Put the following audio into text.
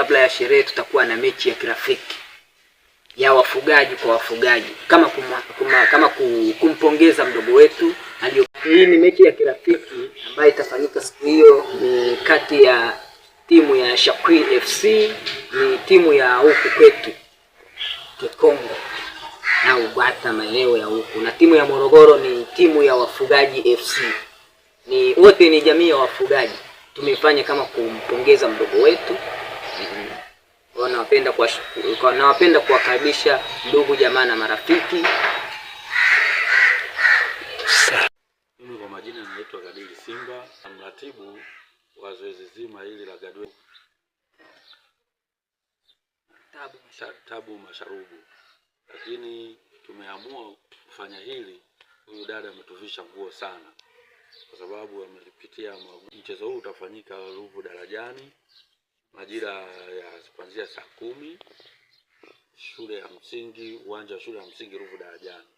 kabla ya sherehe tutakuwa na mechi ya kirafiki ya wafugaji kwa wafugaji, kama kuma, kuma, kama kumpongeza mdogo wetu alio. Hii ni mechi ya kirafiki ambayo itafanyika siku hiyo, ni kati ya timu ya Shakwi FC ni timu ya huku kwetu Kikongo na Ugwata maeneo ya huku, na timu ya Morogoro ni timu ya wafugaji FC. Ni wote ni jamii ya wafugaji, tumefanya kama kumpongeza mdogo wetu. Nawapenda kuwakaribisha ndugu jamaa na marafiki. Mimi kwa majina naitwa Gadili Simba, mratibu wa zoezi zima hili la Gadwe Tabu, Tabu Masharubu, lakini tumeamua kufanya hili. Huyu dada ametuvisha nguo sana, kwa sababu amelipitia mchezo huu. Utafanyika Ruvu Darajani majira ya kuanzia saa kumi, shule ya msingi, uwanja wa shule ya msingi Ruvu Darajani.